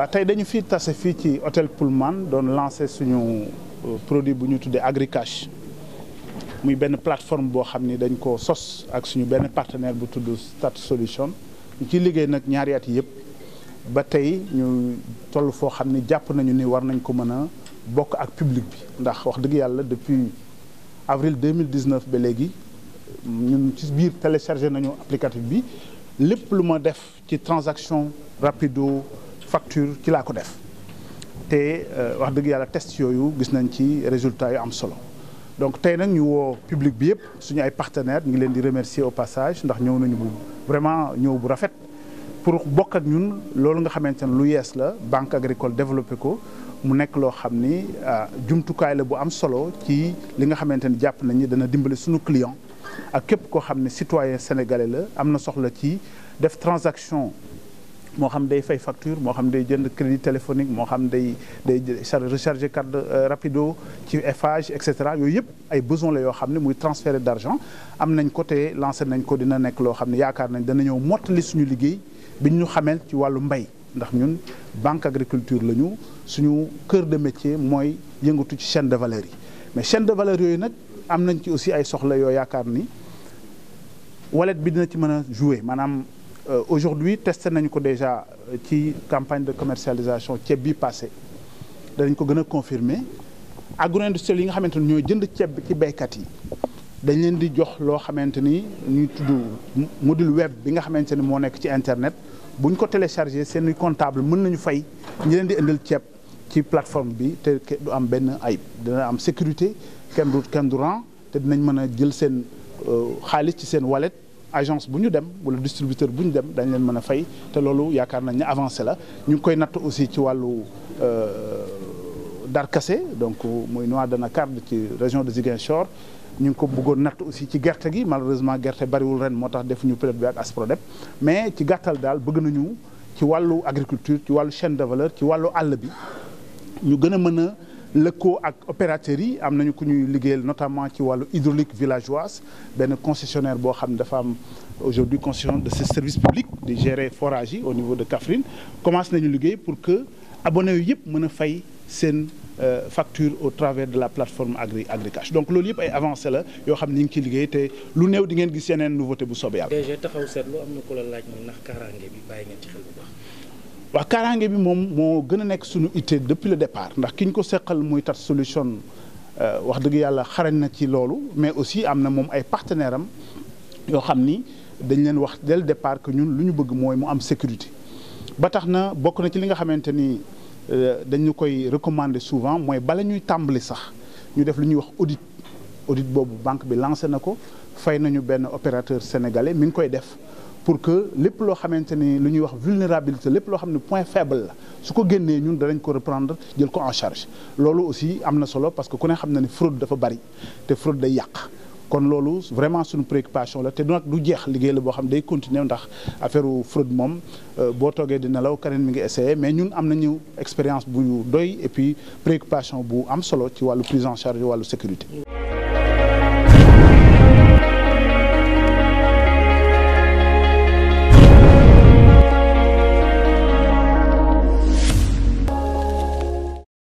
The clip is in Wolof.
waaw tey dañu fi tase fii ci hôtel Pullman doon lancé suñu euh, produit bu ñu tuddee Agricash muy benn plateforme boo xam ni dañ ko sos ak suñu benn partenaire bu tudd Stat Solution ñu ciy liggéey nag ñaari at yëpp ba tey ñu toll foo xam ni jàpp nañu ni war nañ ko mën a bokk ak public bi ndax wax dëgg yàlla depuis avril 2019 ba léegi ñun ci biir téléchargé nañu applicatif bi lépp lu ma def ci transaction rapido facture ci laa ko def te euh, wax dëgg yàlla test yooyu gis nañ ci résultat yu am solo donc tey nag ñu woo public bi yëpp suñu ay partenaires ñu ngi leen di remercier au passage ndax ñëw nañu bu vraiment ñëw bu rafet pour bokk ak ñun loolu nga xamante ne lu yees la banque agricole développé ko mu nekk loo xam ni euh, jumtukaay la bu am solo ci li nga xamante ni jàpp nañu dana dimbali suñu client ak képp koo xam ne citoyen sénégalais la am na soxla ci def transaction moo xam day fay facture moo xam day jënd crédit téléphonique moo xam day day recharger carte euh, rapido ci Eiffage et cetera yooyu yëpp ay besoin la yoo xam ne muy transfert d'argent am nañ ko te lancé nañ ko dina nekk loo xam ne yaakaar nañ dana ñëw mottali suñu liggéey bi ñu xamel ci wàllu mbay ndax ñun banque agriculture la ñu suñu kër de métier mooy yëngatu ci chaine de valeur yi mais chaine de valeur yooyu nag am nañ ci aussi ay soxla yooyu yaakaar ni walet bi dina ci mën a jouer maanaam Euh, aujourd'hui testé nañu ko déjà euh, ci campagne de commercialisation ceeb bi passé danañ ko gën a confirmer agro-industriels yi nga xamante ni ñooy jënd ceeb bi ci béykat yi dañ leen di jox loo xamante ni ñuy tudd module web bi nga xamante ni moo nekk ci internet bu ñu ko téléchargé seeni comptable mën nañu fay ñi leen di indil ceeb ci plateforme bi te du am benn ayib dina am sécurité kenn du kenn rang te dinañ mën a jël seen euh, xaalis ci seen wallet agence bu ñu dem wala distributeur bu ñu dem dañ leen mën a fay te loolu yaakaar nañ ne avancé la ñu ngi koy natt aussi ci wàllu euh, darkase donc muy noix de Nacarde ci région de Ziguinchor ñu ngi ko bëggoon natt aussi ci gerte gi malheureusement gerte bariwul ren moo tax defuñu période bi ak dem mais ci gàttal daal bëgg nañu ci wàllu agriculture ci wàllu chaine de valeur ci wàllu àll bi ñu gën a mën a lëkkoo ak opérateurs yi am nañu ku ñuy liggéeyal notamment ci wàllu hydraulique villageoise benn concessionnaire boo xam ne dafa am aujourd'hui concession de ce service public di gérer forage yi au niveau de Kaffrine commence nañu liggéey pour que abonnés yu yëpp mën a fay seen euh, facture au travers de la plateforme Agri Agricash donc loolu yëpp ay avancé la yoo xam ni ñu ngi ciy liggéey te lu new di ngeen gis yeneen nouveauté bu soobee yàlla. DG taxaw seetlu am na ku la laaj ndax kaaraange bi bàyyi ngeen ci xel waaw kaaraange bi moom moo gën a nekk suñu ittee depuis le départ ndax ki ñu ko seqal muy Tat Solution euh, wax dëgg yàlla xarañ na ci loolu mais aussi am na moom ay partenaire am yoo xam ni dañ leen wax dès le départ que ñun lu ñu bëgg mooy mu am sécurité ba tax na bokk na ci li nga xamante ni euh, dañu koy recommander souvent mooy bala ñuy tàmbali sax ñu def lu ñuy wax audit audit boobu banque bi lancé na ko fay nañu benn opérateur sénégalais mi ngi koy def pour que lépp loo xamante ni lu ñuy wax vulnérabilité lépp loo xam ne point faible la su ko génnee ñun danañ ko reprendre jël ko en charge loolu aussi am na solo parce que ku ne xam na ni fraude dafa bari te fraude day yàq. kon loolu vraiment suñu préoccupation la te nag du jeex liggéey la boo xam day continuer ndax affaire fraude moom euh, boo toogee di nelaw keneen mi ngi essayé mais ñun am nañu expérience bu doy et puis préoccupation bu am solo ci wàllu prise en wàllu sécurité.